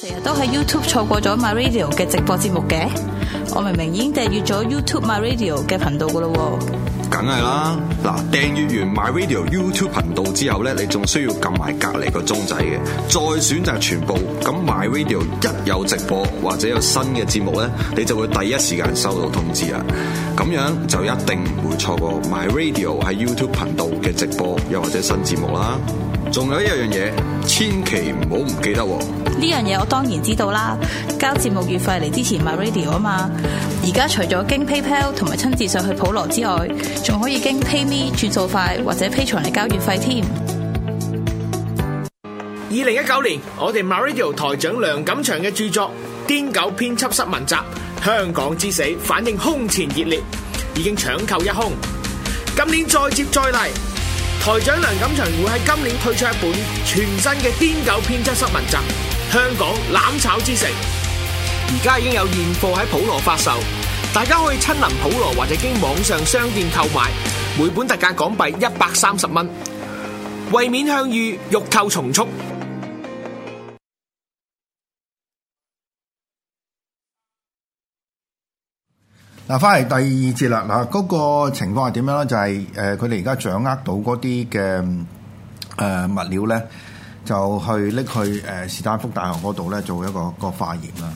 成日都喺 YouTube 錯過咗 MyRadio 嘅直播節目嘅，我明明已經訂閱咗 YouTube MyRadio 嘅頻道噶啦，梗係啦。嗱，訂閱完 MyRadio YouTube 頻道之後咧，你仲需要撳埋隔籬個鐘仔嘅，再選擇全部。咁 MyRadio 一有直播或者有新嘅節目咧，你就會第一時間收到通知喇。咁樣就一定唔會錯過 MyRadio 喺 YouTube 頻道嘅直播又或者新節目啦。仲有一樣嘢，千祈唔好唔記得。呢樣嘢我當然知道啦，交節目月費嚟支持 MyRadio 啊嘛。而家除咗經 PayPal 同埋親自上去普羅之外，仲可以經 PayMe 轉數快或者 Patreon 嚟交月費添。二零一九年，我哋 MyRadio 台長梁錦祥嘅著作《癲狗編輯室文集》香港之死反應空前熱烈，已經搶購一空。今年再接再厲。台長梁錦祥會喺今年推出一本全新嘅《癲狗編輯失文集》，香港攬炒之城，而家已經有現貨喺普羅發售，大家可以親臨普羅或者經網上商店購買，每本特價港幣一百三十蚊，為免向隅欲購從速。嗱，翻嚟第二節啦。嗱，嗰個情況係點樣咧？就係、是、誒，佢哋而家掌握到嗰啲嘅誒物料咧，就去拎去誒斯坦福大學嗰度咧做一個一個化驗啦。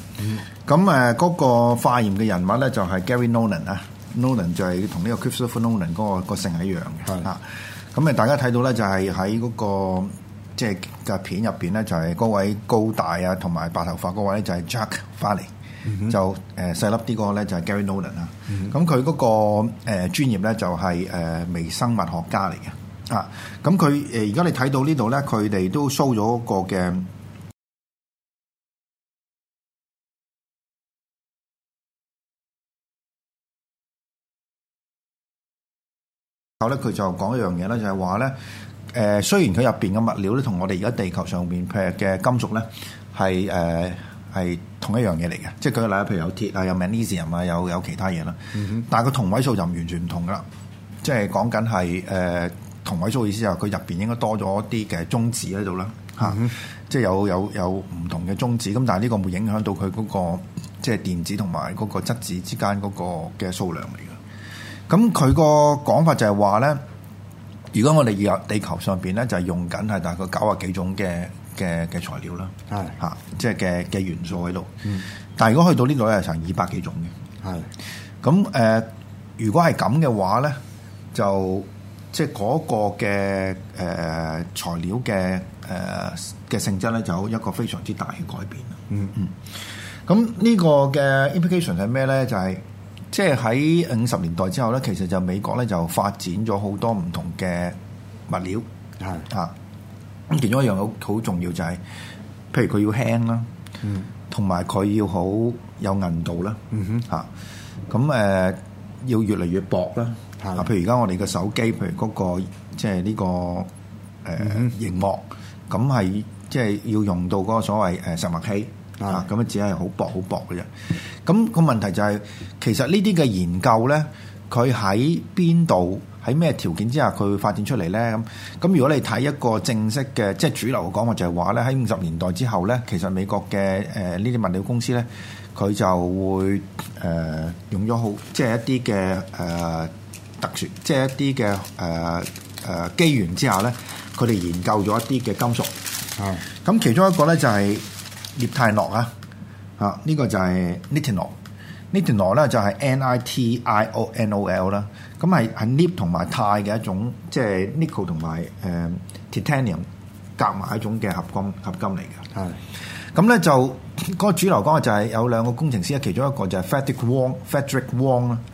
咁、嗯、誒，嗰個、呃、化驗嘅人物咧就係、是、Gary Nolan 啊、嗯、Nolan 就係同呢個 Christopher Nolan 嗰、嗰個個性係、嗰個、一樣嘅嚇。咁誒，啊、大家睇到咧就係喺嗰個即係嘅片入邊咧，就係、是、嗰、嗰個就係就係、位高大啊，同埋白頭髮嗰位就係 Jacques Vallée。Mm -hmm. 就誒、呃、細粒啲嗰個咧就係、是、Gary Nolan 啦、mm -hmm. 那個，咁佢嗰個誒專業咧就係、是、誒、呃、微生物學家嚟嘅啊，咁佢誒而家你睇到呢度咧，佢哋都 show 咗個嘅，然後咧佢就講一樣嘢咧，就係話咧誒雖然佢入邊嘅物料咧同我哋而家地球上面譬如嘅金屬咧係誒係，同一樣嘢嚟嘅，即係舉個例，譬如有鐵啊，有鈉、鈉元素啊，有有其他嘢啦、嗯。但係個同位素就唔完全唔同噶啦，即係講緊係誒同位素嘅意思係佢入面應該多咗啲嘅中子喺度啦，即係有有有唔同嘅中子。咁但係呢個會影響到佢嗰、嗰個即係電子同埋嗰個質子之間嗰個嘅數量嚟嘅。咁佢個講法就係話咧，如果我哋有地球上邊咧，就係用緊係大概九啊幾種嘅。嘅嘅材料啦，係嚇，即係嘅嘅元素喺度。嗯，但係如果去到呢度咧，係成二百幾種嘅。係咁誒，如果係咁嘅話咧，就即係嗰個嘅誒、呃、材料嘅誒嘅性質咧，就有一個非常之大嘅改變啦。嗯嗯。咁呢個嘅 implication 係咩咧？就係即係喺五十年代之後咧，其實就美國咧就發展咗好多唔同嘅物料。係啊。其中一樣好好重要就係，譬如佢要輕啦，嗯，同埋佢要好有韌度啦，嗯哼，嚇，咁誒、呃、要越嚟越薄啦，啊，譬如而家我哋嘅手機，譬如嗰、那個即係呢個誒熒、呃、幕，咁係即係要用到嗰個所謂誒石墨烯，啊，咁啊只係好薄好薄嘅啫。咁、那個問題就係、是，其實呢啲嘅研究咧，佢喺邊度？喺咩條件之下佢會發展出嚟咧？咁咁如果你睇一個正式嘅即係主流嘅講話，就係話咧喺五十年代之後咧，其實美國嘅誒呢啲物料公司咧，佢就會誒、呃、用咗好即係一啲嘅誒特殊，即係一啲嘅誒誒機緣之下咧，佢哋研究咗一啲嘅金屬。係、嗯。咁其中一個咧就係鎳鈦諾啊！啊，呢、這個就係 nitinol 呢段螺咧就係 NITIONOL 啦，咁係係 p 同埋鈦嘅一種，即係 nickel 同埋 titanium 夾埋一種嘅合金合金嚟嘅。係，咁咧就個主流講嘅就係有兩個工程師，其中一個就係 Frederick Wong，Frederick Wong 啦、嗯，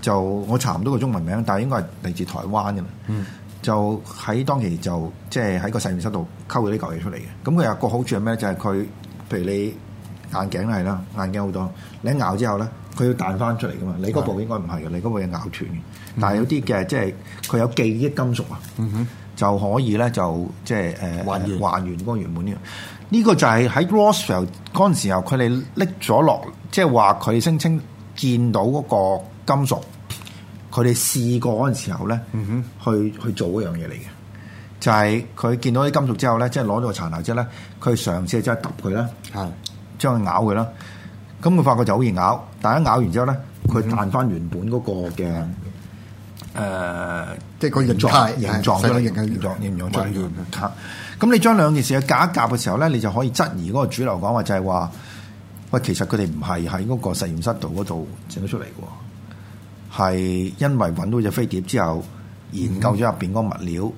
就我查唔到個中文名，但係應該係嚟自台灣嘅、就是。嗯，就喺當期就即係喺個實驗室度溝咗呢嚿嘢出嚟嘅。咁佢有個好處係咩咧？就係、是、佢，譬如你眼鏡係啦，眼鏡好多，你一咬之後咧。佢要彈翻出嚟噶嘛？你嗰部應該唔係嘅，你嗰部嘢咬斷是但係有啲嘅即係佢有記憶金屬啊，嗯、哼就可以咧就即係誒還還原嗰個原，原本呢樣，呢、呢個就係喺 Roswell 嗰時候，佢哋搦咗落，即係話佢聲稱見到嗰個金屬，佢哋試過嗰陣時候咧、嗯，去去做嗰樣嘢嚟嘅，就係、是、佢見到啲金屬之後咧，即係攞咗個殘骸之後咧，佢嘗試即係揼佢啦，將佢咬佢啦。咁佢發覺就好易咬，但一咬完之後咧，佢、嗯、彈翻原本嗰個嘅誒，即係個形狀。形狀啦，形狀、形狀咁。咁你將兩件事去夾一夾嘅時候咧，你就可以質疑嗰個主流講話就係話：喂，其實佢哋唔係喺嗰個實驗室度嗰度整咗出嚟嘅，係、嗯、因為揾到隻飛碟之後，研究咗入邊嗰物料、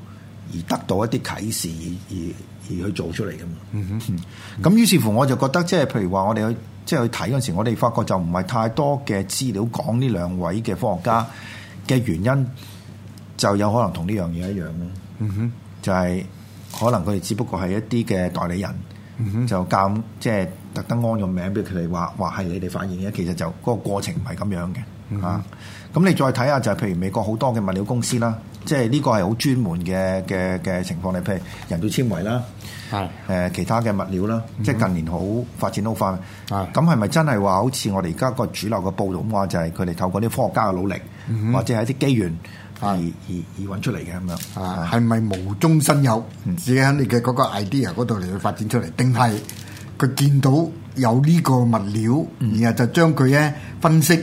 嗯，而得到一啲啟示而而去做出嚟嘅。嗯哼，咁、嗯、於是乎我就覺得即係譬如話我哋去。即係去睇嗰陣時，我哋發覺就唔係太多嘅資料講呢兩位嘅科學家嘅原因，就有可能同呢樣嘢一樣咯。嗯哼，就係、是、可能佢哋只不過係一啲嘅代理人。嗯、哼，就教即係特登安個名俾佢哋話話係你哋發現嘅，其實就嗰個過程唔係咁樣嘅、嗯。啊，咁你再睇下就係譬如美國好多嘅物料公司啦。即係呢個係好專門嘅嘅嘅情況，你譬如人造纖維啦，係誒其他嘅物料啦，即係近年好發展得好快。咁係咪真係話好似我哋而家個主流嘅報導咁話，就係佢哋透過啲科學家嘅努力，或者係一啲機緣而而而揾出嚟嘅咁樣？係咪無中生有，自己喺你嘅嗰個 idea 嗰度嚟去發展出嚟，定係佢見到有呢個物料，然後就將佢咧分析？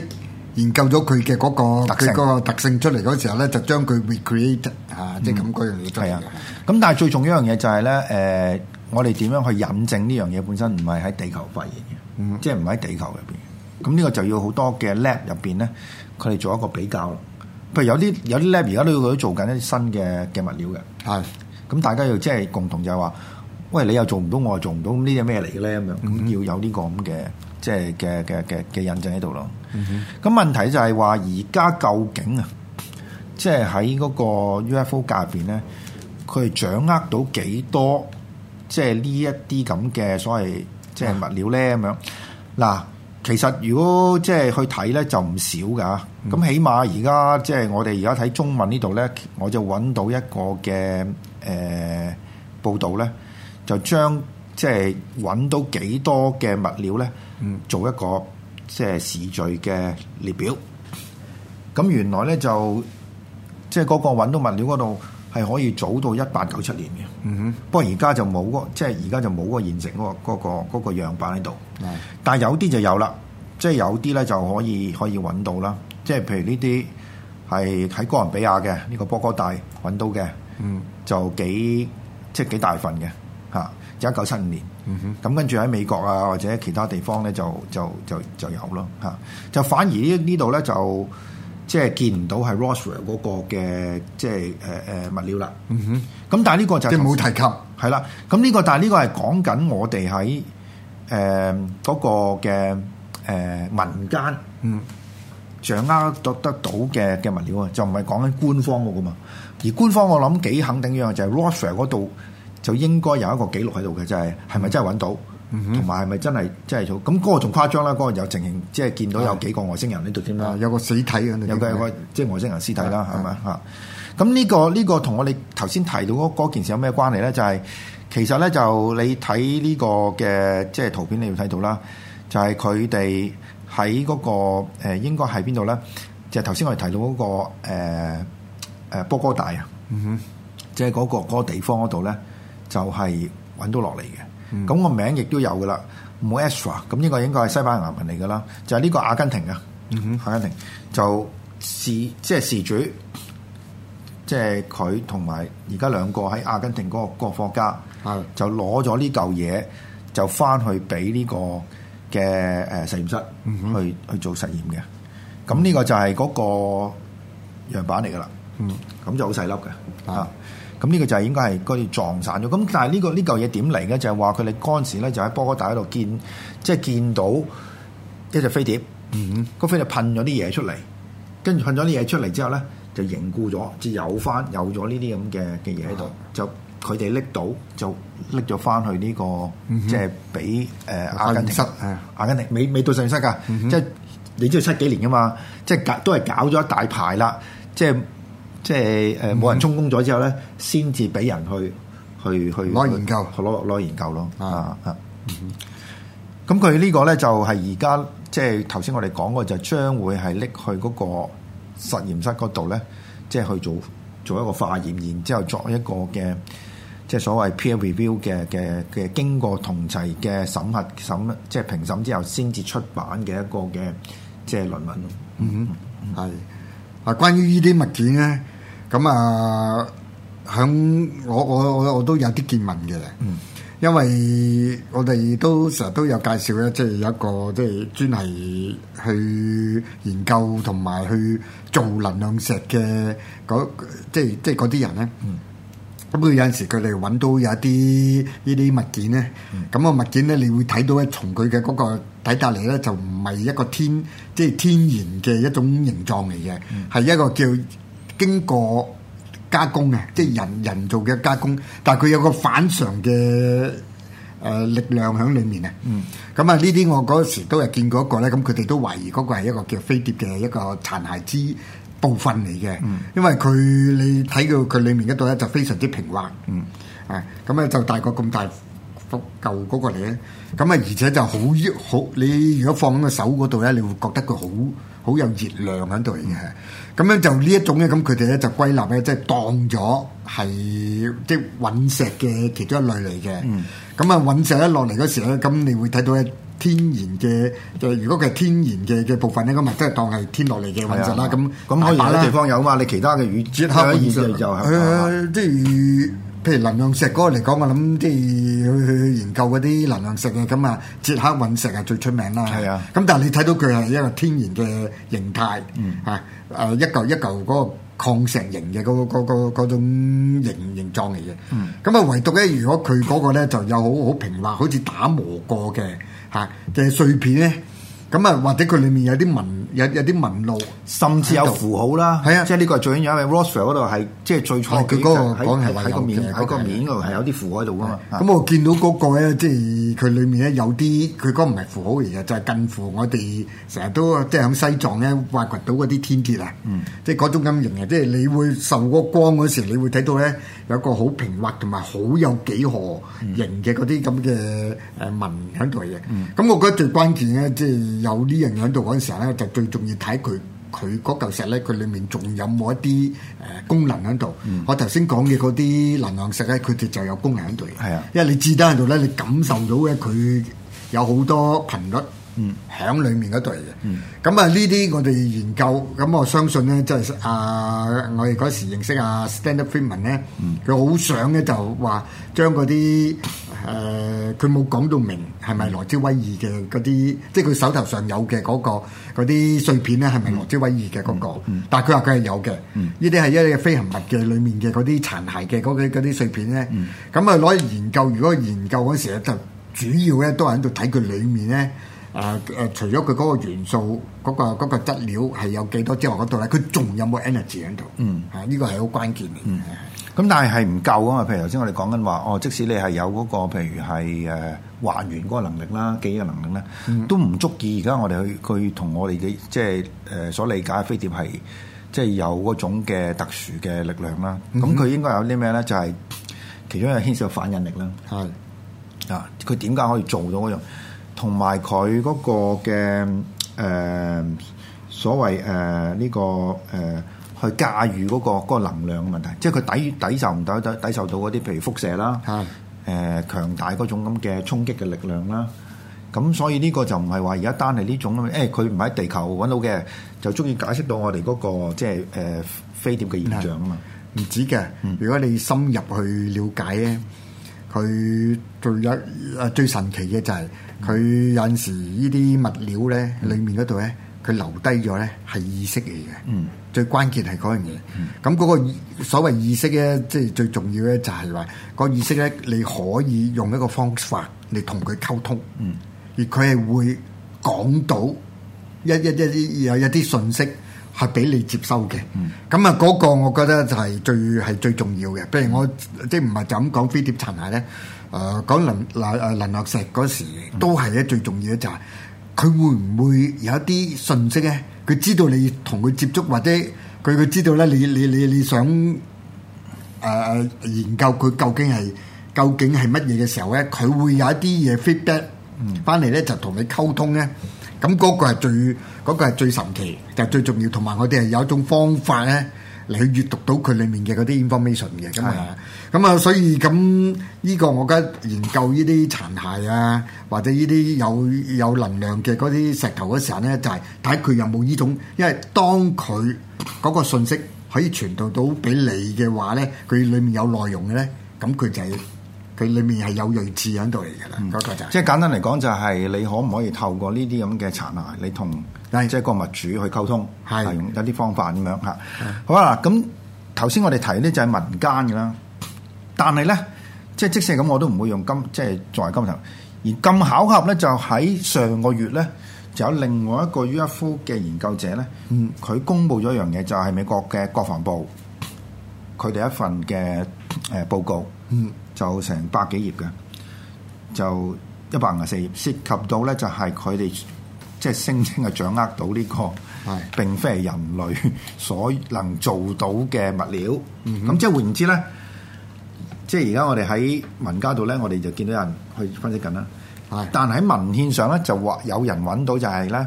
研究咗佢嘅嗰個佢特、特性出嚟嗰時候咧，就將佢 recreate 嚇，即係咁嗰樣係啊，咁、嗯就是嗯、但係最重要一樣嘢就係咧，誒、呃，我哋點樣去引證呢樣嘢本身唔係喺地球發現嘅，即係唔喺地球入邊。咁呢個就要好多嘅 lab 入邊咧，佢哋做一個比較。譬如有啲有啲 lab 而家都要佢做緊一啲新嘅嘅物料嘅，係、嗯。咁大家要即係共同就係話，喂，你又做唔到我，我又做唔到呢啲咩呢，呢個咩嚟嘅咧？咁樣咁要有呢個咁嘅即係嘅嘅嘅嘅引證喺度咯。咁、嗯、問題就係話，而家究竟啊，即係喺嗰個 UFO 界入邊咧，佢係掌握到幾多？即係呢一啲咁嘅所謂即係物料咧咁樣。嗱、嗯，其實如果即係去睇咧，就唔少㗎。咁起碼而家即係我哋而家睇中文呢度咧，我就揾到一個嘅誒、呃、報導咧，就將即係揾到幾多嘅物料咧，做一個。即係時序嘅列表，咁原來咧就即係嗰個揾到物料嗰度係可以早到一八九七年嘅。嗯哼，不過而家就冇個即係而家就冇個現成嗰個嗰個嗰個樣板喺度。Mm -hmm. 但係有啲就有啦，即係有啲咧就可以可以揾到啦。即係譬如呢啲係喺哥倫比亞嘅呢、這個波哥大揾到嘅。嗯、mm -hmm.，就幾即係幾大份嘅嚇，一九七五年。咁、嗯、跟住喺美國啊或者其他地方咧就就就就有咯，就反而呢呢度咧就即係、就係、見唔到係 Roswell 嗰個嘅即係物料啦。咁、嗯、但係呢個就冇提及，係啦。咁呢、呢個但係呢個係講緊我哋喺嗰個嘅、呃、民間嗯掌握得得到嘅嘅物料啊，就唔係講緊官方㗎嘛。而官方我諗幾肯定樣就係 Roswell 嗰度。就應該有一個記錄喺度嘅，就係係咪真係揾到？同埋係咪真係即係咁？嗰、就是嗰個仲誇張啦！嗰、嗰個有情形，即、就、係、是、見到有幾個外星人呢度添啦，有個死體嘅，有個即係、就是、外星人屍體啦，係咪咁呢個呢、這個同我哋頭先提到嗰件事有咩關係咧？就係、是、其實咧，就你睇呢個嘅即係圖片，你會睇到啦。就係佢哋喺嗰個應、呃、應該喺邊度咧？就係頭先我哋提到嗰、嗰個、呃、波哥大啊，嗯、哼，即係嗰個地方嗰度咧。就係、是、揾到落嚟嘅，咁、嗯、個名亦都有嘅啦。冇 extra，咁呢個應該係西班牙文嚟㗎啦。就係、是、呢個阿根廷啊、嗯，阿根廷就事即係事主，即係佢同埋而家兩個喺阿根廷嗰個國家，就攞咗呢嚿嘢，就翻去俾呢個嘅誒實驗室去、嗯、去做實驗嘅。咁呢個就係嗰個樣板嚟㗎啦。嗯，咁就好細粒嘅啊。咁呢個就係應該係佢哋撞散咗。咁但係呢個呢嚿嘢點嚟嘅？就係話佢哋嗰陣時咧就喺波哥大嗰度見，即係見到一隻飛碟。嗯哼、個飛碟噴咗啲嘢出嚟，跟住噴咗啲嘢出嚟之後咧就凝固咗、嗯，這個嗯，即係有翻有咗呢啲咁嘅嘅嘢喺度，就佢哋拎到就拎咗翻去呢個，即係俾阿根廷，阿根廷未到上息㗎，即係你知道七幾年㗎嘛，即係搞都係搞咗一大排啦，即係。即係誒，冇、呃、人充公咗之後咧，先至俾人去去去攞研究，攞攞研究咯。啊啊，咁佢、嗯、呢個咧就係而家即係頭先我哋講過就將會係拎去嗰個實驗室嗰度咧，即係去做做一個化驗，然之後作一個嘅即係所謂 peer review 嘅嘅嘅經過同齊嘅審核審，即係評審之後先至出版嘅一個嘅即係論文。嗯哼，係、嗯。嗱，關於呢啲物件咧。咁啊，喺我我我我都有啲見聞嘅、嗯，因為我哋都成日都有介紹咧，即係有一個即係、即係即係、專係去研究同埋去做能量石嘅嗰即係即係啲人咧。咁、嗯、佢有陣時佢哋揾到有一啲呢啲物件咧，咁、嗯，嗰個物件咧，你會睇到咧，從佢嘅嗰個睇法嚟咧，就唔係一個天即係、即係、天然嘅一種形狀嚟嘅，係、嗯、一個叫。經過加工嘅，即係人人造嘅加工，但係佢有一個反常嘅誒、呃、力量喺裏面啊。嗯。咁啊，呢啲我嗰時都係見過一個咧，咁佢哋都懷疑嗰個係一個叫飛碟嘅一個殘骸之部分嚟嘅、嗯。因為佢你睇到佢裏面嗰度咧，就非常之平滑。嗯。啊、嗯，咁啊就大概大個咁大幅舊嗰個嚟嘅，咁啊而且就好好，你如果放喺個手嗰度咧，你會覺得佢好。好有熱量喺度嘅，咁、嗯、樣就呢一種咧，咁佢哋咧就歸納咧，即、就、係、是、當咗係即係隕石嘅其中一類嚟嘅。咁、嗯、啊，隕石一落嚟嗰時咧，咁你會睇到嘅天然嘅，就如果佢係天然嘅嘅部分咧，咁啊即係當係天落嚟嘅隕石啦。咁咁當然有地方有啊嘛，你其他嘅魚，即係。譬如能量石嗰個嚟講，我諗即係去去研究嗰啲能量石嘅咁啊，捷克隕石係最出名啦，係啊。咁但係你睇到佢係一個天然嘅形態，嗯啊、一嚿一嚿嗰個礦石型嘅嗰嗰嗰嗰種形形狀嚟嘅。咁啊，唯獨咧，如果佢嗰個咧就有好好平滑，好似打磨過嘅嘅碎片咧，咁啊，或者佢裏面有啲紋。有有啲紋路，甚至有符號啦。係啊，即係呢個係最緊要，因為 Roswell 嗰度係即係最初，佢、哦、嗰個講係個面喺、嗰個面嗰度係有啲符喺度。咁我見到嗰、嗰個咧，即係佢裏面咧有啲佢嗰唔係符號嚟嘅，就係、係、近乎我哋成日都即係喺西藏咧挖掘到嗰啲天鐵啊、嗯。即係嗰種陰形啊！即係你會受嗰光嗰時候，你會睇到咧有個好平滑同埋好有幾何形嘅嗰啲咁嘅誒紋喺度嘅。咁、嗯、我覺得最關鍵咧，即係有啲人喺度嗰陣時咧就。佢仲要睇佢佢嗰嚿石咧，佢裏面仲有冇一啲誒、呃、功能響度、嗯？我頭先講嘅嗰啲能量石咧，佢哋就有功能喺度。係啊，因為你知得喺度咧，你感受到嘅佢有好多頻率。嗯、響裡面嗰對嘅，咁啊呢啲我哋研究，咁我相信咧，即、就、係、是、啊，我哋嗰時認識啊，Stanton Friedman 咧，佢好、嗯、想咧就話將嗰啲誒，佢冇講到明係咪羅茲威爾嘅嗰啲，即係佢手頭上有嘅嗰、那個嗰啲碎片咧，係咪羅茲威爾嘅嗰、那個？嗯嗯、但係佢話佢係有嘅，呢啲係一隻飛行物嘅裡面嘅嗰啲殘骸嘅嗰啲碎片咧。咁啊攞嚟研究，如果研究嗰時咧，就主要咧都係喺度睇佢裡面咧。誒、啊、誒、啊，除咗佢嗰個元素、嗰、那個嗰、那個、質料係有幾多之外呢，嗰度咧，佢仲有冇 energy 喺度？嗯，啊，呢個係好關鍵嘅。咁、嗯嗯、但係係唔夠啊嘛？譬如頭先我哋講緊話，哦，即使你係有嗰、那個，譬如係誒、啊、還原嗰個能力啦、記憶能力咧、嗯，都唔足以現在。而家我哋去佢同我哋嘅即係誒、呃、所理解嘅飛碟係即係有嗰種嘅特殊嘅力量啦。咁、嗯、佢應該有啲咩咧？就係、是、其中有牽涉反引力啦。係啊，佢點解可以做到嗰樣？同埋佢嗰個嘅誒、呃、所謂誒呢個誒去駕馭嗰、嗰個嗰個能量嘅問題，即係佢抵抵受唔到抵受到嗰啲譬如輻射啦，誒、呃、強大嗰種咁嘅衝擊嘅力量啦。咁所以呢個就唔係話而家單係呢種咁誒，佢唔喺地球揾到嘅，就足以解釋到我哋嗰、嗰個即係誒飛碟嘅現象啊嘛。唔止嘅，嗯、如果你深入去了解咧。佢最有最神奇嘅就係佢有陣時呢啲物料咧，裏面嗰度咧，佢留低咗咧係意識嚟嘅。嗯，最關鍵係嗰樣嘢。咁、嗯、嗰、嗰個所謂意識咧，即係最重要咧，就係話個意識咧，你可以用一個方法嚟同佢溝通。嗯，而佢係會講到一一一啲有一啲信息。係俾你接收嘅，嗯，咁啊嗰個我覺得就係最係最重要嘅。譬如我即係唔係就咁講飛碟殘骸咧？誒講林嗱誒林學石嗰時都係咧，最重要嘅就係佢會唔會有一啲信息咧？佢知道你同佢接觸，或者佢佢知道咧，你你你你想誒研究佢究竟係究竟係乜嘢嘅時候咧？佢會有一啲嘢 feedback 翻嚟咧，就同你溝通咧。咁嗰個係最嗰個係最神奇，就最重要。同埋我哋係有一種方法咧嚟去閱讀到佢裏面嘅嗰啲 information 嘅。咁啊，咁啊，所以咁呢個我覺得研究呢啲殘骸啊，或者呢啲有有能量嘅嗰啲石頭嘅時候咧，就係睇佢有冇呢種，因為當佢嗰個信息可以傳導到到俾你嘅話咧，佢裏面有內容嘅咧，咁佢就係。佢裏面係有睿智喺度嚟嘅啦，嗰、嗯那個就是、即係簡單嚟講，就係你可唔可以透過呢啲咁嘅殘骸，你同即係個物主去溝通，係有啲方法咁樣嚇。好啊，咁頭先我哋提呢就係民間嘅啦，但係咧即係即使咁，我都唔會用金，即係作為金頭。而咁巧合咧，就喺上個月咧，就有另外一個 UFO 嘅研究者咧，嗯，佢公布咗一樣嘢，就係、是、美國嘅國防部佢哋一份嘅誒、呃、報告，嗯。就成百幾頁嘅，就一百零四頁，涉及到咧就係佢哋即係聲稱啊，掌握到呢、呢個並非係人類所能做到嘅物料。咁、嗯、即係換言之咧，即係而家我哋喺文家度咧，我哋就見到有人去分析緊啦。但喺文獻上咧，就話有人揾到就係咧，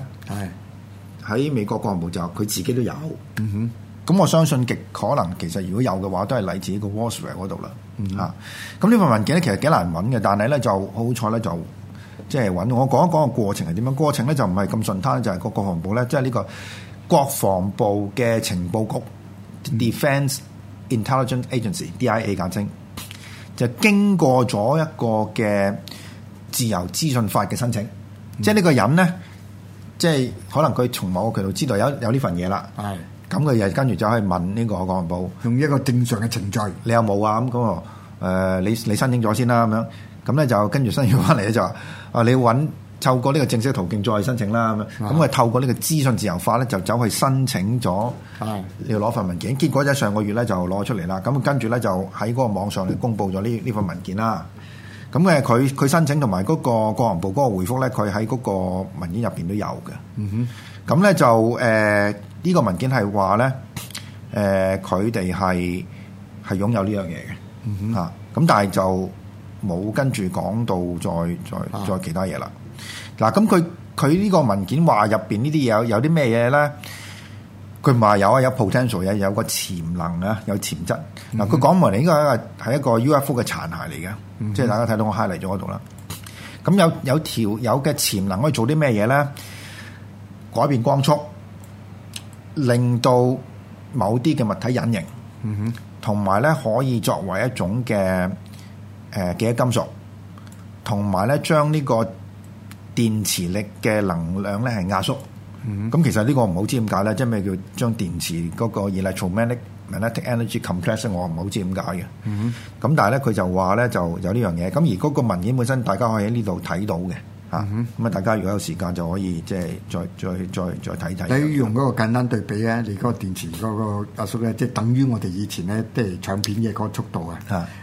喺美國國務部就佢自己都有。嗯哼咁我相信極可能，其實如果有嘅話，都係嚟自己個 Wasser 嗰度啦嚇。咁、嗯、呢份文件咧其實幾難揾嘅，但係咧就好彩咧就即係揾。我講一講個過程係點樣，過程咧就唔係咁順攤呢就係、是就是、個國防部咧，即係呢個國防部嘅情報局、嗯、（Defense Intelligence Agency，DIA） 簡稱，就經過咗一個嘅自由資訊法嘅申請，即係呢個人咧，即、就、係、是、可能佢從某個渠道知道有有呢份嘢啦。係。咁佢又跟住走去問呢個國防部，用一個正常嘅程序，你有冇啊？咁嗰、呃、你你申請咗先啦，咁樣咁咧就跟住申請翻嚟咧就話，啊你揾透過呢個正式途徑再去申請啦，咁、啊、佢透過呢個資訊自由化咧就走去申請咗，你要攞份文件，結果就上個月咧就攞出嚟啦，咁跟住咧就喺嗰個網上嚟公佈咗呢呢份文件啦。咁佢佢申請同埋嗰個國防部嗰個回覆咧，佢喺嗰個文件入邊都有嘅。嗯、哼，咁咧就、呃呢、這個文件係話咧，誒佢哋係係擁有呢樣嘢嘅，啊咁但係就冇跟住講到再再再其他嘢啦。嗱、啊，咁佢佢呢個文件話入邊呢啲嘢有有啲咩嘢咧？佢話有啊，有 potential 有有個潛能啊，有潛質。嗱、嗯，佢講埋嚟，應該係一個 UFO 嘅殘骸嚟嘅，即、嗯、係、就是、大家睇到我 highlight 咗嗰度啦。咁有有條有嘅潛能可以做啲咩嘢咧？改變光速。令到某啲嘅物體隱形，同埋咧可以作為一種嘅誒記憶金屬，同埋咧將呢個電磁力嘅能量咧係壓縮。咁其實呢個我唔好知點解咧，即係咩叫將電磁嗰個 electromagnetic energy compression，我唔好知點解嘅。咁但係咧佢就話咧就有呢樣嘢。咁而嗰個文件本身，大家可以喺呢度睇到嘅。啊，咁、嗯、啊，大家如果有時間就可以即係再再再再睇睇。你用嗰個簡單對比咧，你嗰個電池嗰個壓縮咧，即係等於我哋以前咧，即係唱片嘅嗰個速度啊。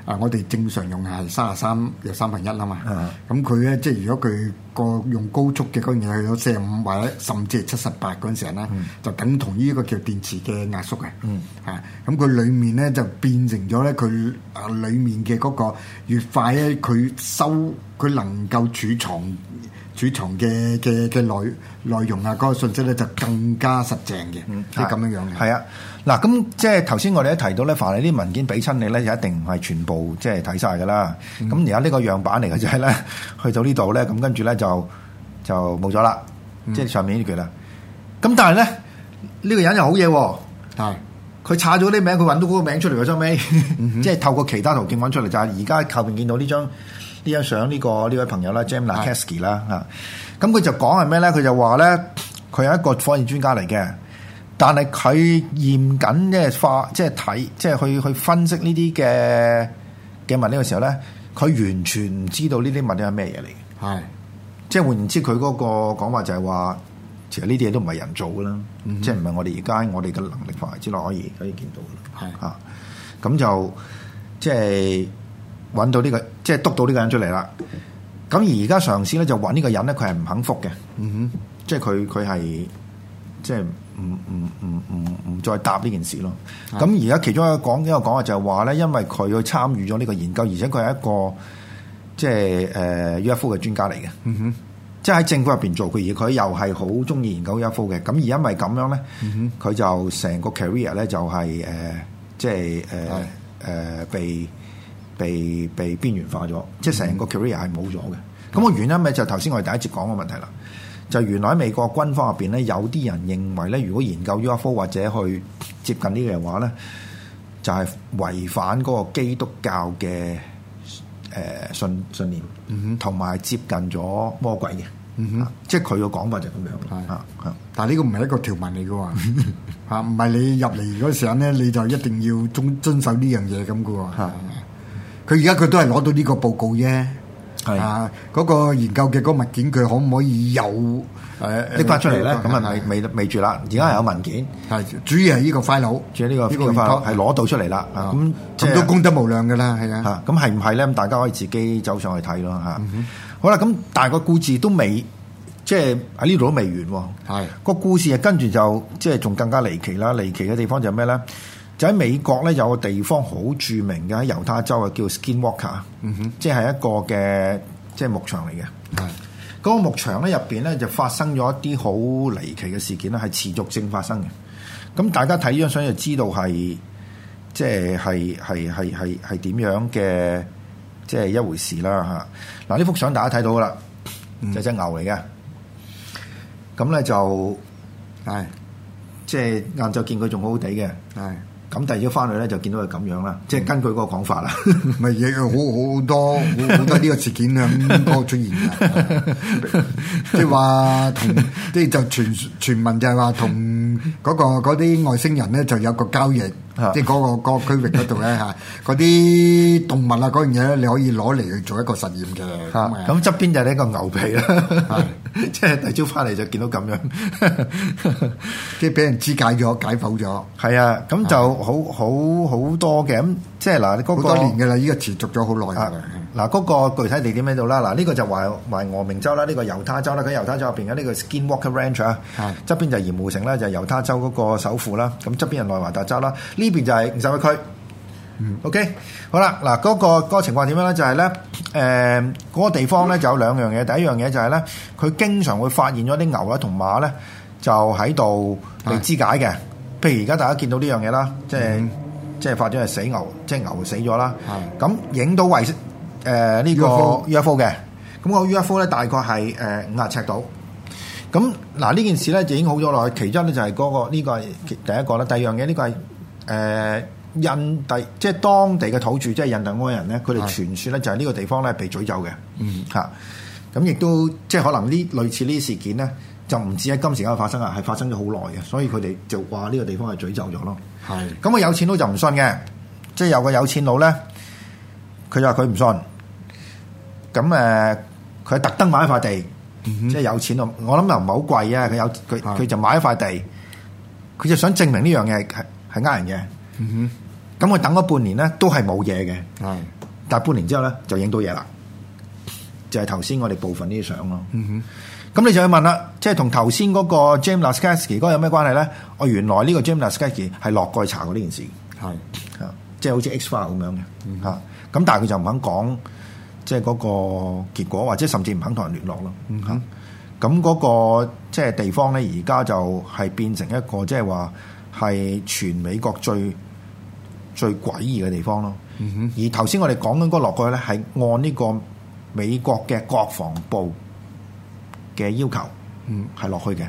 啊，我哋正常用係三十三有三分一啊嘛。咁佢咧，即係如果佢個用高速嘅嗰樣嘢去到四十五或者甚至係七十八嗰陣時咧，嗯、就等同於一個叫電池嘅壓縮嘅。嗯，啊，咁佢裡面咧就變成咗咧，佢啊裡面嘅嗰個越快咧，佢收。佢能夠儲藏儲藏嘅嘅嘅內內容啊，嗰個信息咧就更加實正嘅，係、嗯、咁、就是、樣樣嘅。係啊，嗱咁即係頭先我哋一提到咧，凡係啲文件俾親你咧，就一定唔係全部即係睇晒噶啦。咁而家呢個樣板嚟嘅就係、是、咧，去到呢度咧，咁跟住咧就就冇咗啦，即係上面呢句啦。咁但係咧，呢個人又好嘢喎，佢查咗啲名，佢揾到嗰個名出嚟喎，收尾、嗯、即係透過其他途徑揾出嚟，就係而家後邊見到呢張。呢張相，呢個呢位朋友啦 James Kasky 啦，咁佢、嗯、就講係咩咧？佢就話咧，佢係一個科研專家嚟嘅，但係佢嚴謹，即係化，即係睇，即係去去分析呢啲嘅嘅物。呢個時候咧，佢完全唔知道呢啲物係咩嘢。嚟。係，即係換言之，佢嗰個講法就係話，其實呢啲嘢都唔係人做噶啦，嗯，即係唔係我哋而家我哋嘅能力範圍之內可以可以見到嘅。係咁、嗯、就即係。揾到呢、這個即係督到呢個人出嚟啦，咁而家嘗試咧就揾呢個人咧，佢係唔肯覆嘅，嗯、mm、哼 -hmm.，即係佢佢係即係唔唔唔唔唔再答呢件事咯。咁、mm -hmm. 而家其中一個講嘅一個講話就係話咧，因為佢去參與咗呢個研究，而且佢係一個即係誒 UFO 嘅專家嚟嘅，哼，即係喺、uh, mm -hmm. 政府入邊做，佢而佢又係好中意研究 UFO 嘅。咁而因為咁樣咧，佢、mm -hmm. 就成個 career 咧就係、是、誒、呃、即係誒誒被。被被邊緣化咗，即係成個 career 係冇咗嘅。咁、嗯、我、嗰個、原因咪就頭先我哋第一節講嘅問題啦。就原來喺美國軍方入邊咧，有啲人認為咧，如果研究 UFO 或者去接近這的話呢樣話咧，就係、是、違反嗰個基督教嘅誒、呃、信信念。同埋接近咗魔鬼嘅、嗯。即係佢個講法就咁樣，係但係呢個唔係一個條文嚟嘅喎。唔 係、啊、你入嚟嗰陣咧，你就一定要遵遵守呢樣嘢咁嘅喎。佢而家佢都係攞到呢個報告啫、啊，係啊嗰、啊嗰個研究嘅嗰個物件，佢可唔可以有拎翻出嚟咧？咁啊，係未未住啦，而家係有文件，係、啊啊、主要係呢個 file，即係呢個 file 係攞到出嚟啦。咁、啊啊就係、都功德無量㗎啦，係啊。咁係唔係咧？咁大家可以自己走上去睇咯。嚇、嗯，好啦，咁但係、就係啊啊個故事都未即係喺呢度都未完喎。係個故事係跟住就即係仲更加離奇啦！離奇嘅地方就係咩咧？就喺美國咧，有個地方好著名嘅喺猶他州啊，叫 Skinwalker，即、嗯、係、就是、一個嘅即係牧場嚟嘅。嗰、就是那個牧場咧入邊咧就發生咗一啲好離奇嘅事件啦，係持續性發生嘅。咁大家睇呢張相就知道係即係係係係係係點樣嘅，即、就、係、是、一回事啦嚇。嗱，呢幅相大家睇到噶啦、嗯，就隻、是、牛嚟嘅。咁咧就係即係晏晝見佢仲好好地嘅，係。咁第二朝翻去咧，就見到佢咁樣啦，即係根據嗰個講法啦。 咪亦好好多好多呢個事件向多出現，即係話同即係就傳傳聞就係話同嗰個嗰啲外星人咧就有個交易。 即係嗰個嗰個區域嗰度咧嗰啲動物啊嗰樣嘢咧，你可以攞嚟去做一個實驗嘅。咁 側邊就係一個牛皮啦， 即係第二朝翻嚟就見到咁樣， 即係俾人肢解咗、解剖咗。係啊，咁就好、啊、好好，好多嘅。咁即係嗱，嗰好多年嘅啦，依 個持續咗好耐。嗱、那、嗰個具體地點喺度啦，嗱、這、呢個就懷懷俄明州啦，呢、這個猶他州啦，佢猶他州入邊嘅呢個 Skinwalker Ranch 啊，側邊就鹽湖城啦，就猶、是、他州嗰個首府啦，咁側邊就內華達州啦，呢邊就係五十一區。區 OK 好啦，嗱、那、嗰、個那個情況點樣咧？就係、是、咧，誒、呃、嗰、那個地方咧就有兩樣嘢，第一樣嘢就係、是、咧，佢經常會發現咗啲牛啦同馬咧就喺度被肢解嘅，譬如而家大家見到呢樣嘢啦，就是嗯、即係即係發展係死牛，即、就、係、是、牛死咗啦，咁影到遺。誒、呃，呢、這個 UFO 嘅，咁、那、我、個、UFO 咧大概係誒、呃、五廿尺度。咁嗱呢件事咧已經好咗耐，其中咧就係嗰、那個呢、這個係第一個啦，第二樣嘢呢個係誒、這個呃、印第，即係當地嘅土著，即係印第安人咧，佢哋傳說咧就係、是、呢個地方咧被詛咒嘅。吓、嗯，咁、啊、亦都即係可能呢類似呢啲事件咧，就唔止喺今時今日發生啊，係發生咗好耐嘅，所以佢哋就話呢、這個地方係詛咒咗咯。係，咁、那、啊、個、有錢佬就唔信嘅，即係有個有錢佬咧，佢就話佢唔信。咁、嗯、誒，佢特登買一塊地，即、嗯、係、就是、有錢咯。我諗又唔係好貴啊。佢有佢佢就買一塊地，佢就想證明呢樣嘢係係呃人嘅。咁、嗯、佢、嗯、等咗半年咧，都係冇嘢嘅。但係半年之後咧，就影到嘢啦，就係頭先我哋部分呢啲相咯。咁、嗯、你就要問啦，即係同頭先嗰個 James Lacatski 嗰個有咩關係咧？我原來呢個 James Lacatski 係落過去查過呢件事，嗯、即係好似 X-File 咁樣嘅嚇。咁、嗯嗯、但係佢就唔肯講。即係嗰個結果，或者甚至唔肯同人聯絡咯。嗯哼，咁嗰個即係地方咧，而家就係變成一個即係話係全美國最最詭異嘅地方咯。嗯哼，而頭先我哋講緊嗰個落去咧，係按呢個美國嘅國防部嘅要求是下去的，嗯，係落去嘅。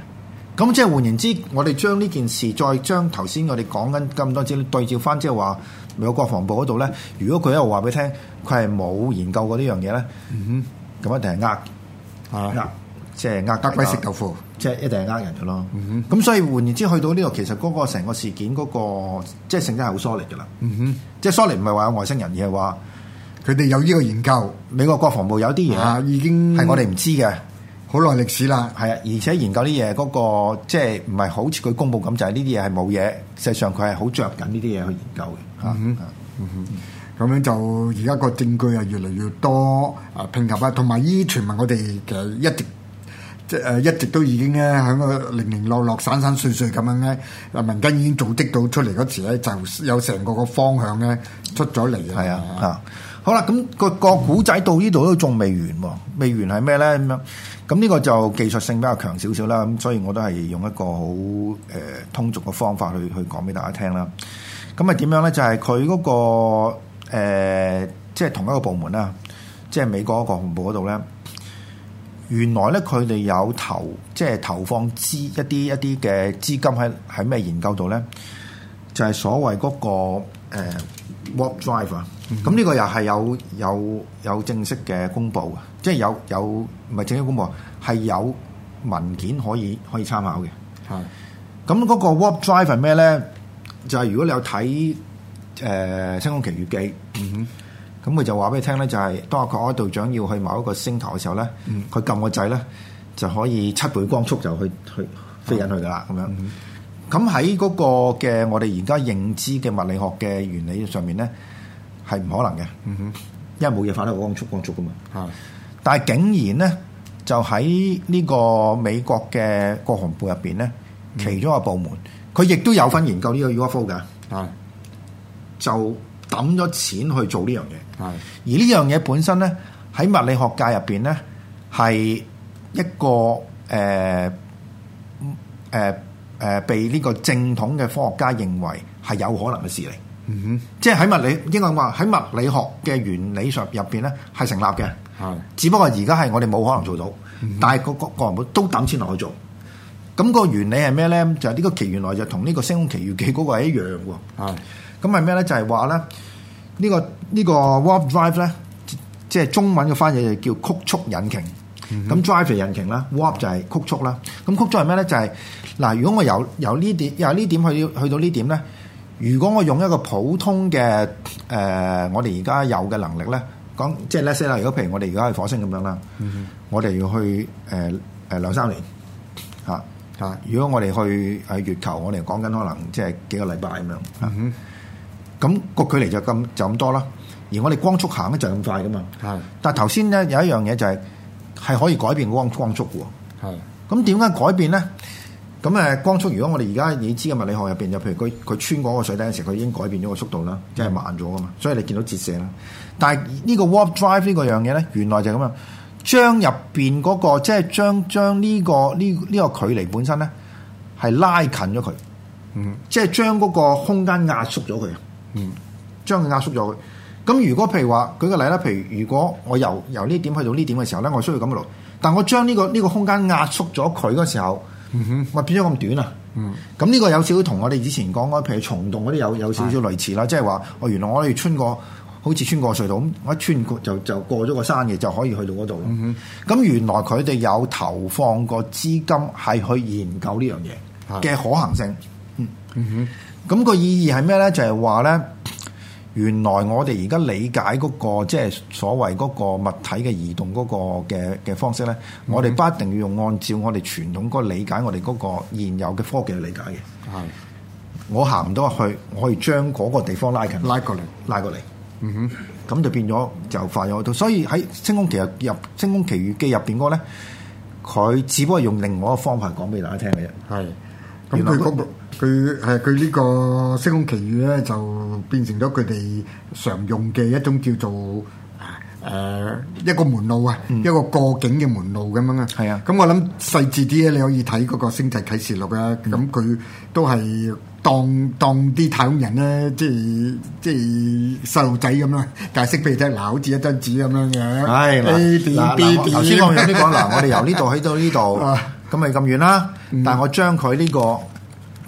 咁即係換言之，我哋將呢件事再將頭先我哋講緊咁多資料對照翻，即係話。有國，國防部嗰度咧，如果佢喺度話俾聽，佢係冇研究過呢樣嘢咧，咁、嗯、一定係呃，即係呃德鬼食豆腐，即、就、係、是、一定係呃人噶咯。咁、嗯、所以換言之，去到呢度，其實嗰個成個事件嗰、那個即係、就是、性質係好疏 o r r 噶啦。即係 s o 唔係話有外星人，而係話佢哋有呢個研究，美國國防部有啲嘢、啊、已經係我哋唔知嘅。好耐歷史啦，係啊！而且研究啲嘢嗰個即係唔係好似佢公佈咁，就係呢啲嘢係冇嘢。實際上佢係好著緊呢啲嘢去研究嘅。嗯，咁、嗯、樣、嗯嗯、就而家個證據又越嚟越多啊，拼合啊，同埋依啲傳聞我哋其實一直即係、就是呃、一直都已經咧喺個零零落落、散散碎碎咁樣咧，民間已經組織到出嚟嗰時咧，就有成個個方向咧出咗嚟。係啊，好啦，咁、那個個古仔到呢度都仲未完喎，未完係咩咧？咁樣，咁呢個就技術性比較強少少啦。咁所以我都係用一個好誒、呃、通俗嘅方法去去講俾大家聽啦。咁啊點樣咧？就係佢嗰個誒、呃，即係同一個部門啦，即係美國個防部嗰度咧。原來咧，佢哋有投即係投放資一啲一啲嘅資金喺喺咩研究度咧？就係、是、所謂嗰、那個誒 w a r drive 啊。咁、嗯、呢個又係有有有正式嘅公佈嘅，即係有有唔係正式公布，係有文件可以可以參考嘅。係。咁嗰個 Warp Drive 係咩咧？就係、是、如果你有睇、呃《星空奇遇記》，咁佢就話俾你聽咧，就係、是、當我個隊長要去某一個星球嘅時候咧，佢、嗯、撳個掣咧就可以七倍光速就去去飛緊去㗎啦。咁樣。咁喺嗰個嘅我哋而家認知嘅物理學嘅原理上面咧。係唔可能嘅，因為冇嘢發生光速光速噶嘛。但係竟然咧，就喺呢個美國嘅國防部入邊咧，其中一個部門，佢亦都有份研究呢個 UFO 嘅，就抌咗錢去做呢樣嘢。而呢樣嘢本身咧，喺物理學界入邊咧，係一個誒誒誒，被呢個正統嘅科學家認為係有可能嘅事嚟。即、嗯、哼，喺物理，應該話喺物理學嘅原理上入邊咧係成立嘅。係，只不過而家係我哋冇可能做到。嗯、但係個個個人都等錢落去做。咁、那個原理係咩咧？就係、是、呢個奇原來就同呢、就是呢這個《星空奇遇記》嗰個係一樣喎。係。咁係咩咧？就係話咧，呢個呢個 Warp Drive 咧，即、就、係、是、中文嘅翻譯就叫曲速引擎。咁、嗯、Drive 就引擎啦，Warp 就係曲速啦。咁曲速係咩咧？就係、是、嗱，如果我由由呢點由呢點去去到點呢點咧？如果我用一個普通嘅誒、呃，我哋而家有嘅能力咧，講即係 let say 啦。如果譬如我哋而家去火星咁樣啦，我哋要去誒誒兩三年嚇嚇，如果我哋去月球，我哋講緊可能即係幾個禮拜咁樣。咁、啊那個距離就咁就咁多啦。而我哋光速行得就咁快噶嘛。但係頭先咧有一樣嘢就係、是、係可以改變光光速喎。咁點解改變咧？咁誒光速，如果我哋而家已知嘅物理學入面，就譬如佢佢穿過個個水底嘅時候，佢已經改變咗個速度啦，即係慢咗噶嘛。所以你見到折射啦。但係呢個 warp drive 呢個樣嘢咧，原來就係咁樣，將入面嗰、那個即係將將呢、這個呢呢、這個、距離本身咧係拉近咗佢，嗯，即係將嗰個空間壓縮咗佢，嗯，將佢壓縮咗佢。咁如果譬如話舉個例啦，譬如如果我由由呢點去到呢點嘅時候咧，我需要咁嘅路，但我將呢、這個呢、這個空間壓縮咗佢嗰時候。嗯哼，變咗咁短啊！嗯，咁呢個有少少同我哋以前講嗰，譬如蟲洞嗰啲有有少少類似啦，即係話，哦原來我哋穿過，好似穿過隧道咁，我一穿過就就過咗個山嘅，就可以去到嗰度。嗯哼，咁原來佢哋有投放過資金係去研究呢樣嘢嘅可行性。嗯哼，咁個意義係咩咧？就係話咧。原來我哋而家理解嗰個，即係所謂嗰個物體嘅移動嗰個嘅嘅方式咧、嗯，我哋不一定要用按照我哋傳統嗰個理解，我哋嗰個現有嘅科技去理解嘅。係，我行唔到去，我可以將嗰個地方拉近，拉過嚟，拉過嚟。嗯哼，咁就變咗就快咗好多。所以喺《星空奇入》《星空奇遇記》入邊嗰咧，佢只不過係用另外一個方法講俾大家聽嘅。係，原來嗰個。佢係佢呢個星空奇遇咧，就變成咗佢哋常用嘅一種叫做誒一個門路啊，uh, 一個過境嘅門路咁樣啊。係啊，咁我諗細緻啲咧，你可以睇嗰個星際啟示錄啊。咁、uh, 佢都係當當啲太空人咧，即係即係細路仔咁啦，但係解釋俾你聽嗱好似一張紙咁樣嘅。頭先講嗱，我哋由呢度去到呢度，咁咪咁遠啦。但係我將佢呢個。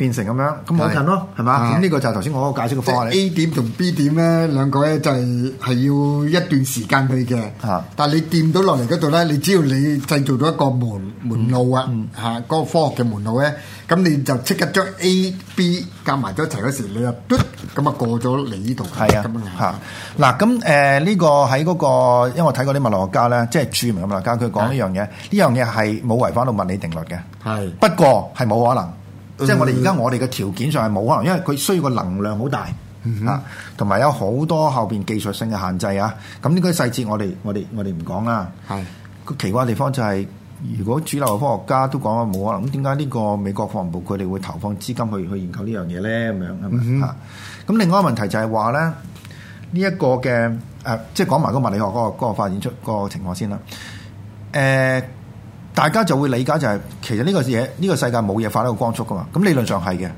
變成咁樣，咁好近咯，係嘛？咁呢個就係頭先我個解釋嘅方案嚟。A 點同 B 點咧，兩個咧就係係要一段時間去嘅。但係你掂到落嚟嗰度咧，你只要你製造咗一個門門路啊，嚇嗰個科學嘅門路咧，咁你就即刻將 A、B 夾埋咗一齊嗰時，你就嘟咁啊過咗嚟呢度。係啊，嚇嗱，咁誒呢個喺嗰個，因為我睇過啲物理學家咧，即係著名物理學家佢講呢樣嘢，呢樣嘢係冇違反到物理定律嘅。係不過係冇可能。即係我哋而家，我哋嘅條件上係冇可能，因為佢需要個能量好大啊，同埋有好多後面技術性嘅限制啊。咁呢啲細節我哋我哋我哋唔講啦。係個奇怪嘅地方就係，如果主流嘅科學家都講話冇可能，咁點解呢個美國國防部佢哋會投放資金去去研究呢樣嘢咧？咁樣係咪啊？咁另外一個問題就係話咧，呢一個嘅誒，即係講埋個物理學嗰個嗰個發展出個情況先啦。誒。大家就會理解就係、是、其實呢個嘢，呢個世界冇嘢快到光速噶嘛。咁理論上係嘅，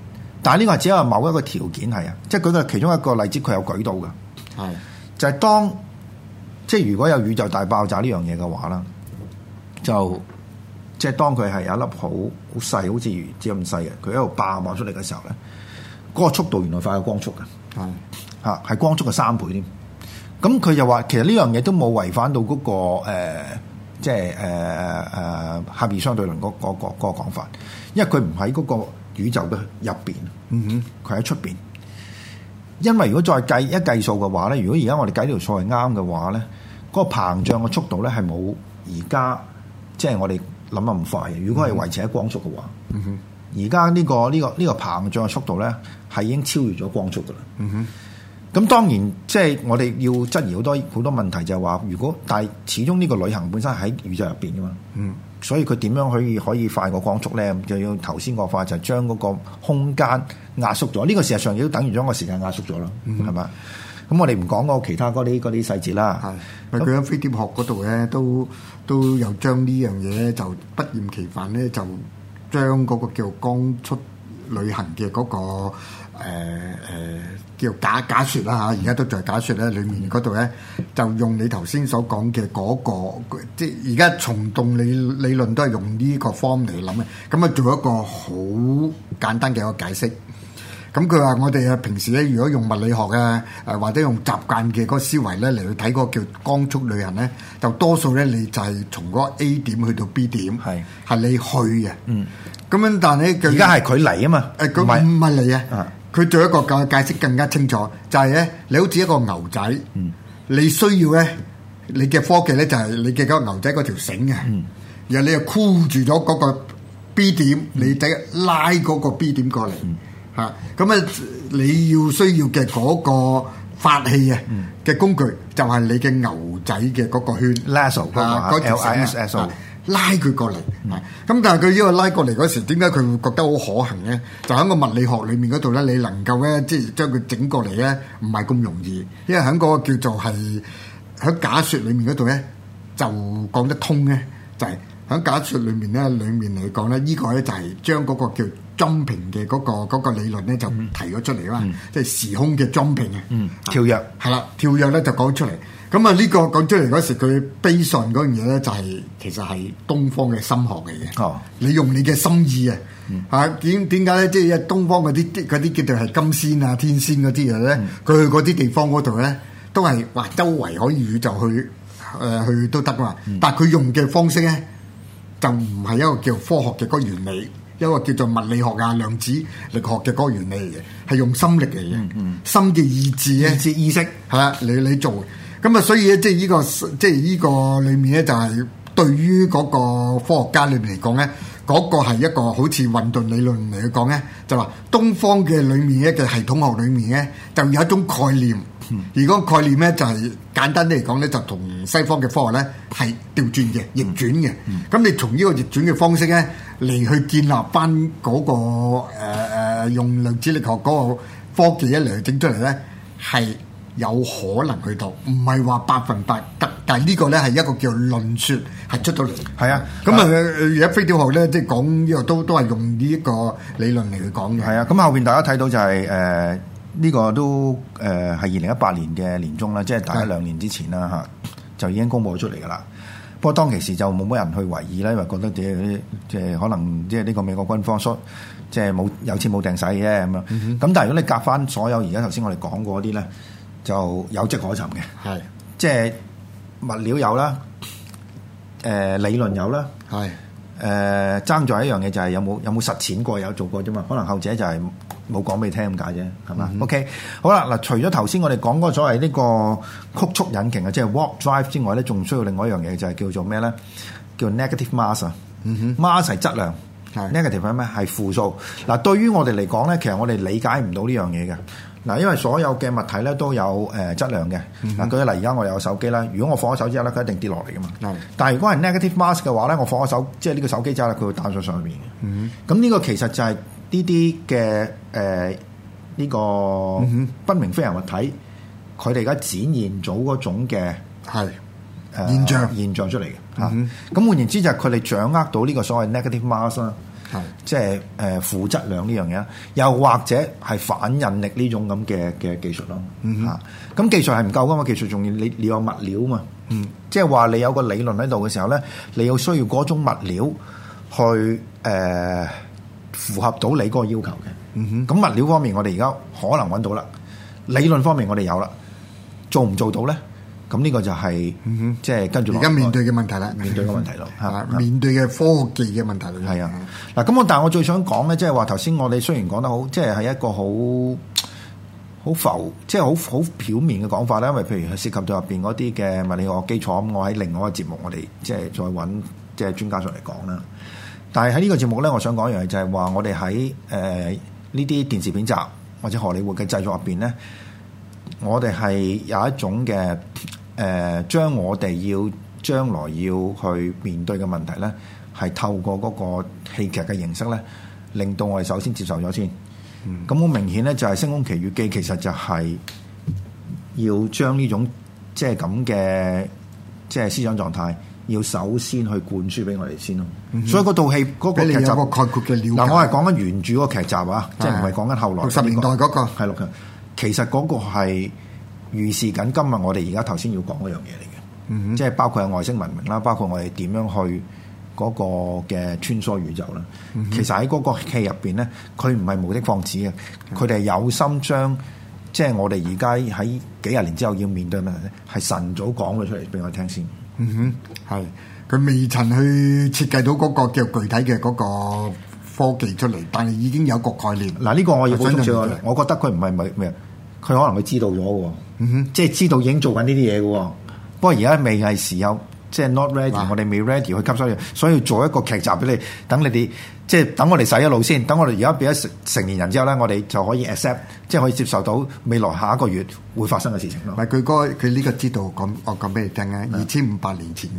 但係呢個只有某一個條件係啊。即係舉個其中一個例子，佢有舉到嘅。係，就係、是、當即係如果有宇宙大爆炸呢樣嘢嘅話啦，就即係、就是、當佢係有一粒好好細，好似原子咁細嘅，佢一路爆爆出嚟嘅時候咧，嗰、那個速度原來快過光速嘅。係，嚇係光速嘅三倍添。咁佢又話其實呢樣嘢都冇違反到、那、嗰個、呃即係誒誒狹義相對論嗰嗰、嗰個講、嗰個嗰個、法，因為佢唔喺嗰個宇宙嘅入邊，嗯哼，佢喺出邊。因為如果再計一計數嘅話咧，如果而家我哋計條數係啱嘅話咧，嗰、嗰個膨脹嘅速度咧係冇而家即係我哋諗咁快嘅。如果係維持喺光速嘅話，哼、mm -hmm. 呢個，而家呢個呢個呢個膨脹嘅速度咧係已經超越咗光速噶啦，嗯哼。咁當然，即、就、係、是、我哋要質疑好多好多問題就，就係話如果，但係始終呢個旅行本身喺宇宙入面㗎嘛，嗯，所以佢點樣可以，可以快過光速呢？就要頭先個話，就是、將嗰個空間壓縮咗。呢、這個事實上亦都等於將個時間壓縮咗咯，係、嗯、嘛？咁我哋唔講嗰個其他嗰啲嗰啲細節啦。係，佢喺飛碟學嗰度呢，都都有將呢樣嘢就不厭其煩咧，就將嗰個叫光速旅行嘅嗰、那個。誒、呃、誒、呃、叫假假説啦嚇，而家都在假説咧。裡面嗰度咧就用你頭先所講嘅嗰個，即係而家蟲洞理理論都係用呢個方嚟諗嘅。咁啊做一個好簡單嘅一個解釋。咁佢話我哋啊平時咧，如果用物理學啊，誒或者用習慣嘅嗰思維咧嚟去睇嗰個叫光速旅行咧，就多數咧你就係從嗰 A 點去到 B 點，係係你去嘅。嗯，咁樣但係而家係佢嚟啊嘛？誒，佢唔係你啊。佢做一個解解釋更加清楚，就係咧，你好似一個牛仔，你需要咧，你嘅科技咧就係你嘅嗰個牛仔嗰條繩啊，然後你又箍住咗嗰個 B 點，你仔拉嗰個 B 點過嚟，嚇，咁啊，你要需要嘅嗰個法器啊嘅工具就係你嘅牛仔嘅嗰個圈啊，嗰條繩。拉佢過嚟，咁但係佢依個拉過嚟嗰時，點解佢會覺得好可行咧？就喺個物理學裏面嗰度咧，你能夠咧，即係將佢整過嚟咧，唔係咁容易，因為喺嗰個叫做係喺假説裏面嗰度咧，就講得通咧，就係、是、喺假説裏面咧，裏面嚟講咧，呢、這個咧就係將嗰個叫針平嘅嗰個理論咧、嗯，就提咗出嚟啦，即係時空嘅針平啊，跳躍係啦，跳躍咧就講出嚟。咁啊，呢個講出嚟嗰時，佢悲憤嗰樣嘢咧，就係其實係東方嘅心學嚟嘅、哦。你用你嘅心意啊，嚇點點解咧？即係一東方嗰啲嗰啲叫做係金仙啊、天仙嗰啲嘢咧，佢去嗰啲地方嗰度咧，都係話周圍可以宇宙去誒、呃、去都得嘛。但係佢用嘅方式咧，就唔係一個叫科學嘅嗰個原理，一個叫做物理學啊、量子力學嘅嗰個原理嚟嘅，係用心力嚟嘅。心嘅意志咧，意志意識係啦、啊，你你做。咁啊，所以咧，即係呢個，即係呢個裏面咧，就係對於嗰個科學家裏面嚟講咧，嗰、那個係一個好似混沌理論嚟講咧，就話、是、東方嘅裏面咧嘅系統學裏面咧，就有一種概念。而嗰個概念咧，就係簡單啲嚟講咧，就同西方嘅科學咧係調轉嘅、逆轉嘅。咁你從呢個逆轉嘅方式咧嚟去建立翻、那、嗰個誒誒、呃、用量子力學嗰個科技一嚟整出嚟咧，係。有可能去到，唔係話百分百得，但係呢個咧係一個叫論説係出到嚟。係啊，咁啊而家飛雕號咧即係講呢、就是這個都都係用呢一個理論嚟去講嘅。係啊，咁後邊大家睇到就係誒呢個都誒係二零一八年嘅年中啦，即係大概兩年之前啦嚇、啊，就已經公佈咗出嚟㗎啦。不過當其時就冇乜人去懷疑啦，因為覺得啲即係可能即係呢個美國軍方所即係冇有，有錢冇掟使嘅咁樣。咁、嗯、但係如果你夾翻所有而家頭先我哋講嗰啲咧。就有跡可尋嘅，係即係物料有啦，誒理論有啦，係誒爭在一樣嘢就係有冇有冇實踐過有做過啫嘛，可能後者就係冇講俾你聽咁解啫，係嘛？OK，好啦，嗱，除咗頭先我哋講嗰個所謂呢個曲速引擎啊，即係 warp drive 之外咧，仲需要另外一樣嘢就係叫做咩咧？叫 negative mass 啊，mass 係質量，negative 係咩？係負數。嗱，對於我哋嚟講咧，其實我哋理解唔到呢樣嘢嘅。嗱，因為所有嘅物體咧都有誒質量嘅。嗱，舉一例，而家我哋有手機啦。如果我放咗手之後咧，佢一定跌落嚟㗎嘛。但係如果係 negative mass 嘅話咧，我放咗手，即係呢個手機之後咧，佢會彈咗上邊嘅。咁呢個其實就係呢啲嘅誒呢個不明飛行物體，佢哋而家展現咗嗰種嘅係現象、呃、現象出嚟嘅。咁、嗯、換言之，就係佢哋掌握到呢個所謂 negative mass。即係誒負質量呢樣嘢，又或者係反引力呢種咁嘅嘅技術咯。咁技術係唔夠噶嘛？技術仲要你你有物料嘛？嗯，即係話你有個理論喺度嘅時候呢，你要需要嗰種物料去誒、呃、符合到你嗰個要求嘅。嗯哼，咁物料方面我哋而家可能揾到啦，理論方面我哋有啦，做唔做到呢？咁呢個就係即係跟住而家面對嘅問題啦，面對嘅問題咯，係啦、嗯，面對嘅科技嘅問題咯。係啊，嗱咁我但係我最想講咧，即係話頭先我哋雖然講得好，即係係一個好好浮，即係好好表面嘅講法咧。因為譬如涉及到入邊嗰啲嘅物理學基礎，咁我喺另外一個節目我哋即係再揾即係專家上嚟講啦。但係喺呢個節目咧，我想講一樣就係話，我哋喺誒呢啲電視片集或者荷里活嘅製作入邊咧，我哋係有一種嘅。誒、呃，將我哋要將來要去面對嘅問題咧，係透過嗰個戲劇嘅形式咧，令到我哋首先接受咗先。咁、嗯、好明顯咧，就係、是《星空奇遇記》，其實就係要將呢種即係咁嘅即係思想狀態，要首先去灌輸俾我哋先咯、嗯。所以嗰套戲嗰個劇集個概括嘅瞭解，嗱我係講緊原著嗰個劇集啊，即係唔係講緊後來、這個、六十年代嗰、那個係六十年代，其實嗰個係。預示緊今日我哋而家頭先要講嗰樣嘢嚟嘅，即係包括外星文明啦，包括我哋點樣去嗰個嘅穿梭宇宙啦、嗯。其實喺嗰個戲入面咧，佢唔係無的放矢嘅，佢、嗯、哋係有心將即係我哋而家喺幾十年之後要面對咩咧？係神早講咗出嚟俾我聽先。嗯哼，係佢未曾去設計到嗰個叫具體嘅嗰個科技出嚟，但係已經有個概念。嗱呢、呢個我要補我，我覺得佢唔係咪咩？佢可能佢知道咗喎。嗯、即係知道已經做緊呢啲嘢嘅，不過而家未係時候，即係 not ready，我哋未 ready 去吸收嘢，所以要做一個劇集俾你，等你哋即係等我哋洗咗腦先，等我哋而家變咗成成年人之後咧，我哋就可以 accept，即係可以接受到未來下一個月會發生嘅事情。唔係佢嗰佢呢個知道咁，我講俾你聽咧，二千五百年前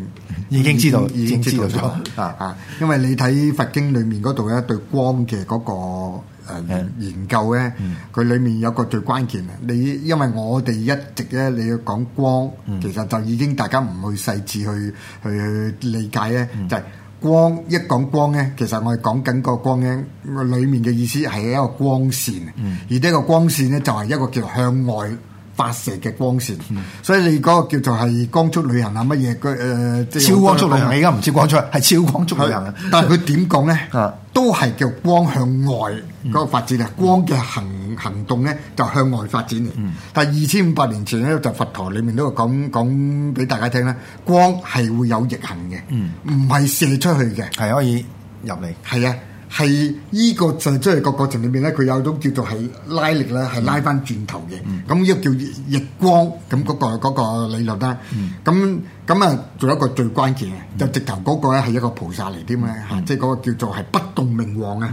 已經知道，已經,已經知道咗啊啊！因為你睇佛經裏面嗰度咧，對光嘅嗰個。誒研究咧，佢、嗯、裏面有個最關鍵，你因為我哋一直咧，你要講光、嗯，其實就已經大家唔去細緻去去理解咧、嗯，就係、是、光一講光咧，其實我哋講緊個光咧，裏面嘅意思係一個光線，嗯、而呢個光線咧就係一個叫做向外。發射嘅光線、嗯，所以你嗰個叫做係光速旅行啊乜嘢？佢誒、呃、即係超光速旅行而家唔超光速，係超光速旅行。但係佢點講咧？啊，都係叫光向外嗰個發展咧、嗯。光嘅行行動咧就向外發展、嗯、但係二千五百年前咧，就佛陀裏面都講講俾大家聽啦。光係會有逆行嘅，嗯、唔係射出去嘅，係可以入嚟。係啊。係依個就係即係個過程裏面咧，佢有種叫做係拉力咧，係拉翻轉頭嘅。咁呢個叫逆光，咁嗰個嗰個理論啦。咁咁啊，仲有一個最關鍵嘅，就直頭嗰個咧係一個菩薩嚟添咧嚇，即係嗰個叫做係不動明王啊。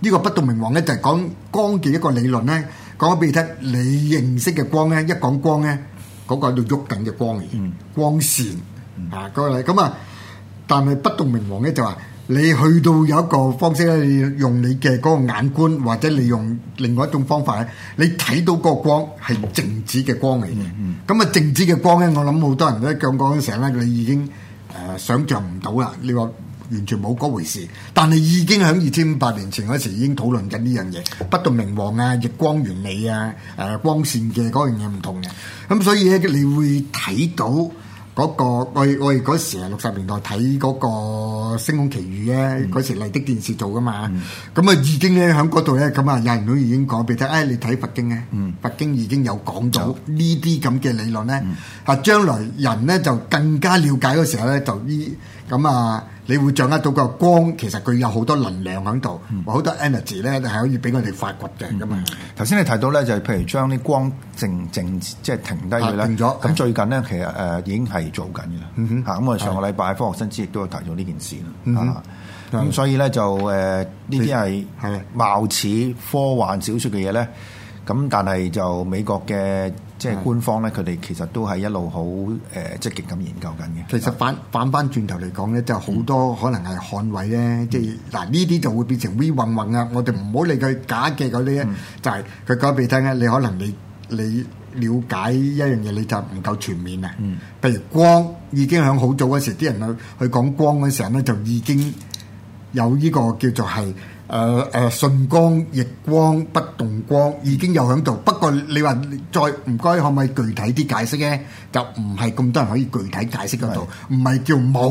呢個不動明王咧就係講光嘅一個理論咧。講俾你聽，你認識嘅光咧，一講光咧，嗰個喺度喐緊嘅光嚟，光線啊，嗰個咁啊。但係不動明王咧就話。你去到有一個方式咧，你用你嘅嗰個眼觀，或者你用另外一種方法咧，你睇到個光係靜止嘅光嚟嘅。咁、嗯、啊，嗯、靜止嘅光咧，我諗好多人都喺講講成咧，你已經誒、呃、想像唔到啦。你話完全冇嗰回事，但係已經喺二千五百年前嗰時已經討論緊呢樣嘢，不動明王啊、逆光原理啊、誒、呃、光線嘅嗰樣嘢唔同嘅。咁所以咧，你會睇到。嗰、那個我我哋嗰時六十年代睇嗰個《星空奇遇》咧，嗰時麗的電視做噶嘛，咁、嗯、啊已經咧喺嗰度咧，咁啊有人都已經講俾你聽，唉、哎、你睇佛經咧，佛、嗯、經已經有講到呢啲咁嘅理論咧，啊、嗯、將來人咧就更加了解嗰時候咧就咁、嗯、啊，你會掌握到個光其實佢有好多能量響度，好、嗯、多 energy 咧係可以俾佢哋發掘嘅咁啊。頭、嗯、先你提到咧就係譬如將啲光靜靜即係停低佢咗，咁、啊嗯、最近咧其實誒、呃、已經係做緊嘅。嚇咁我哋上個禮拜科學新知亦都有提到呢件事啦。咁、嗯嗯嗯、所以咧就誒呢啲係係貌似科幻小説嘅嘢咧，咁但係就美國嘅。即係官方咧，佢哋其實都係一路好誒積極咁研究緊嘅。其實反反翻轉頭嚟講咧，就好、是、多可能係捍衞咧，即係嗱呢啲就會變成 V 混混啊！我哋唔好理佢假嘅嗰啲咧，嗯、就係佢講俾你聽咧。你可能你你了解一樣嘢，你就唔夠全面啊。譬、嗯、如光已經喺好早嗰時，啲人去去講光嘅時候咧，就已經有呢個叫做係。誒、呃、誒，順光逆光不動光已經有喺度，不過你話再唔該，可唔可以具體啲解釋咧？就唔係咁多人可以具體解釋得到，唔係叫冇，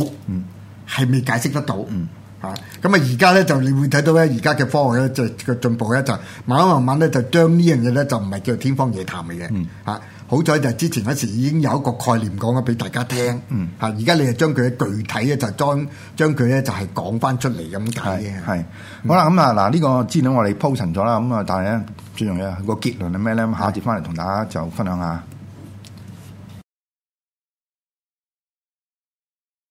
係、嗯、未解釋得到嚇。咁、嗯、啊，而家咧就你會睇到咧，而家嘅科學咧，就個進步咧就慢慢慢慢咧就將這呢樣嘢咧就唔係叫天方夜譚嘅嘢嚇。嗯啊。好彩就之前嗰時已經有一個概念講咗俾大家聽，嚇、嗯！而家你就將佢嘅具體咧就係、將將佢咧就係講翻出嚟咁解嘅。係、嗯、好啦，咁啊嗱，呢個資料我哋鋪陳咗啦，咁啊，但係咧最重要個結論係咩咧？咁下一節翻嚟同大家就分享一下。